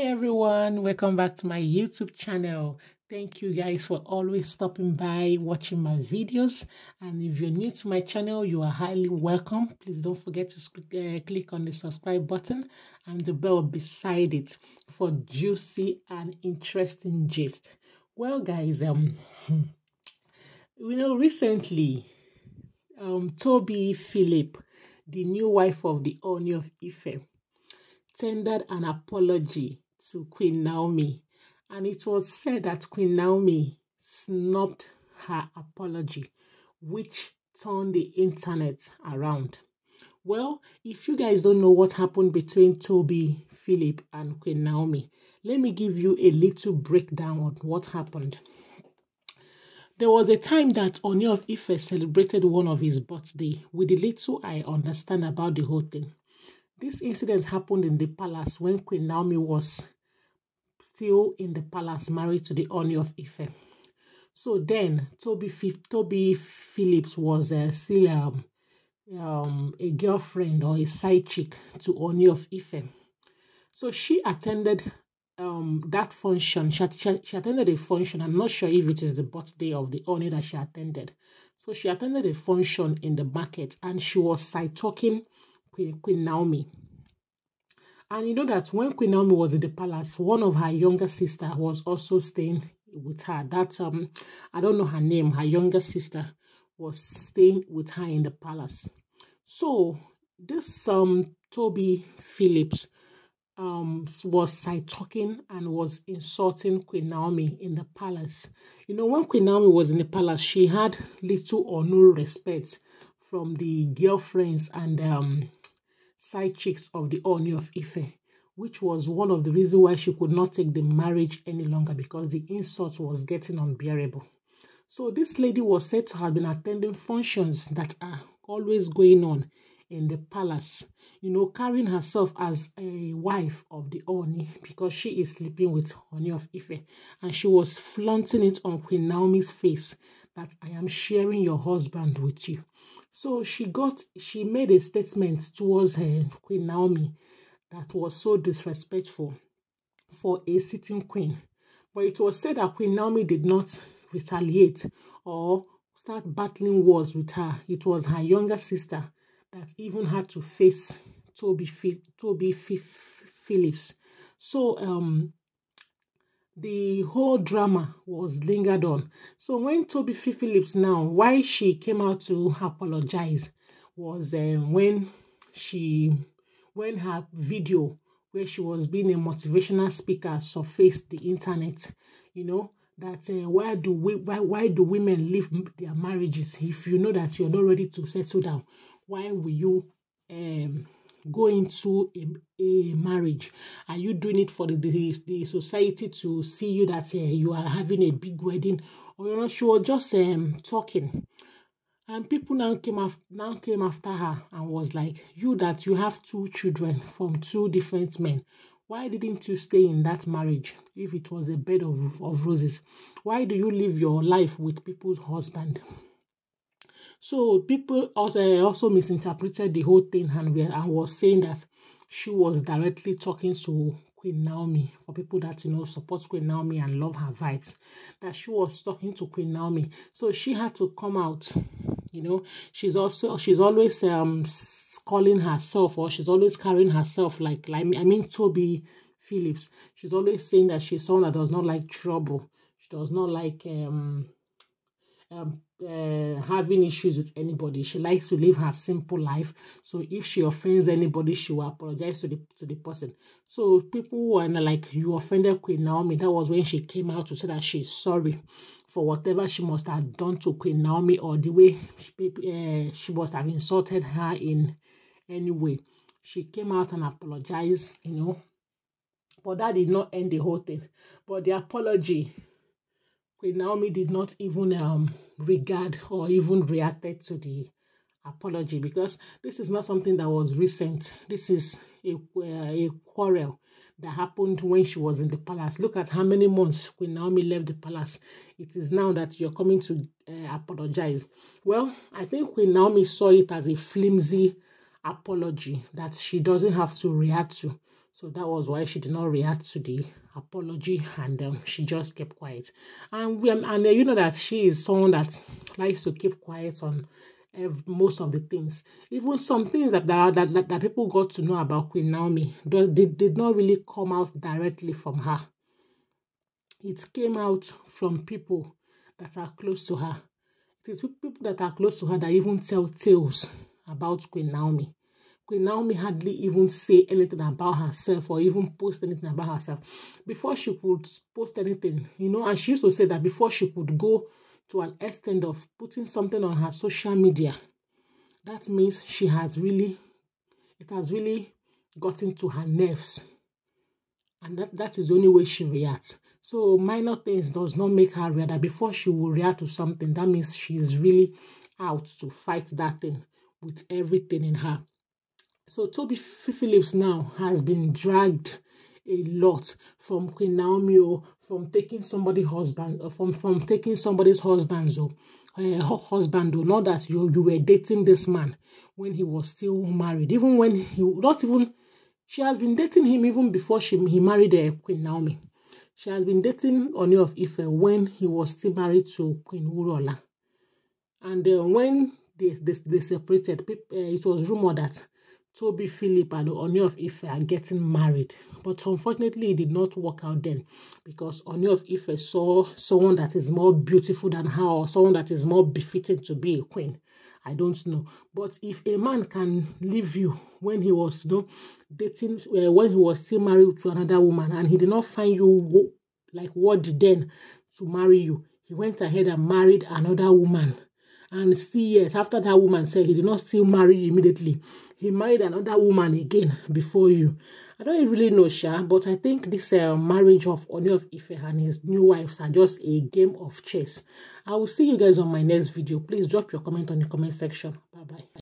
hi everyone welcome back to my youtube channel thank you guys for always stopping by watching my videos and if you're new to my channel you are highly welcome please don't forget to uh, click on the subscribe button and the bell beside it for juicy and interesting gist well guys um you know recently um toby philip the new wife of the owner of ife tendered an apology to Queen Naomi, and it was said that Queen Naomi snubbed her apology, which turned the internet around. Well, if you guys don't know what happened between Toby, Philip, and Queen Naomi, let me give you a little breakdown on what happened. There was a time that Oni of Ife celebrated one of his birthday. With the little I understand about the whole thing, this incident happened in the palace when Queen Naomi was still in the palace married to the Oni of Ife. So then Toby, Toby Phillips was uh, still um, um, a girlfriend or a side chick to Oni of Ife. So she attended um, that function. She, she, she, attended a function. I'm not sure if it is the birthday of the Oni that she attended. So she attended a function in the market and she was side talking Queen, Queen Naomi. And you know that when Queen Naomi was in the palace, one of her younger sister was also staying with her. That um, I don't know her name. Her younger sister was staying with her in the palace. So this um Toby Phillips um was side talking and was insulting Queen Naomi in the palace. You know, when Queen Naomi was in the palace, she had little or no respect from the girlfriends and um side chicks of the Oni of Ife, which was one of the reasons why she could not take the marriage any longer because the insult was getting unbearable. So this lady was said to have been attending functions that are always going on in the palace, you know, carrying herself as a wife of the Oni because she is sleeping with Oni of Ife. And she was flaunting it on Queen Naomi's face that I am sharing your husband with you. So she got, she made a statement towards her Queen Naomi that was so disrespectful for a sitting queen. But it was said that Queen Naomi did not retaliate or start battling wars with her. It was her younger sister that even had to face Toby, Toby Phillips. So um, the whole drama was lingered on. So when Toby Fee Phillips now, why she came out to apologize was um, when she, when her video where she was being a motivational speaker surfaced the internet, you know, that uh, why do we why why do women leave their marriages if you know that you're not ready to settle down? Why will you um go into a, a marriage are you doing it for the, the, the society to see you that uh, you are having a big wedding or you're not sure just um talking and people now came af- now came after her and was like you that you have two children from two different men why didn't you stay in that marriage if it was a bed of, of roses why do you live your life with people's husband so people also also misinterpreted the whole thing and, we, and was saying that she was directly talking to Queen Naomi for people that you know support Queen Naomi and love her vibes. That she was talking to Queen Naomi, so she had to come out. You know, she's also she's always um calling herself or she's always carrying herself like like I mean Toby Phillips. She's always saying that she's someone that does not like trouble. She does not like um um, uh, having issues with anybody. She likes to live her simple life. So if she offends anybody, she will apologize to the to the person. So people were like, "You offended Queen Naomi." That was when she came out to say that she's sorry for whatever she must have done to Queen Naomi or the way she, uh, she must have insulted her in any way. She came out and apologized, you know. But that did not end the whole thing. But the apology Queen Naomi did not even um, regard or even reacted to the apology because this is not something that was recent. This is a, uh, a quarrel that happened when she was in the palace. Look at how many months Queen Naomi left the palace. It is now that you're coming to uh, apologize. Well, I think Queen Naomi saw it as a flimsy apology that she doesn't have to react to. So that was why she did not react to the apology and um, she just kept quiet. And we, um, and uh, you know that she is someone that likes to keep quiet on most of the things. Even some things that that, that, that people got to know about Queen Naomi did, did, did not really come out directly from her. It came out from people that are close to her. It is people that are close to her that even tell tales about Queen Naomi. Queen Naomi hardly even say anything about herself or even post anything about herself. Before she could post anything, you know, and she used to say that before she could go to an extent of putting something on her social media, that means she has really, it has really gotten to her nerves. And that, that is the only way she reacts. So minor things does not make her react. That before she will react to something, that means she is really out to fight that thing with everything in her. So Toby Phillips now has been dragged a lot from Queen Naomi oh, from taking somebody's husband uh, from from taking somebody's oh, eh, husband so uh, husband though not that you you were dating this man when he was still married even when he not even she has been dating him even before she he married uh, Queen Naomi she has been dating Oni of Ife when he was still married to Queen Urola and uh, when they, they, they separated it was rumored that Toby Philip and Oni of Ife are getting married. But unfortunately, it did not work out then because Oni of Ife saw someone that is more beautiful than her or someone that is more befitting to be a queen. I don't know. But if a man can leave you when he was you know, dating, uh, when he was still married to another woman and he did not find you like what then to marry you, he went ahead and married another woman. And still, yes, after that woman said he did not still marry immediately he married another woman again before you. I don't really know, Sha, but I think this uh, marriage of Oni of Ife and his new wives are just a game of chess. I will see you guys on my next video. Please drop your comment on the comment section. Bye-bye.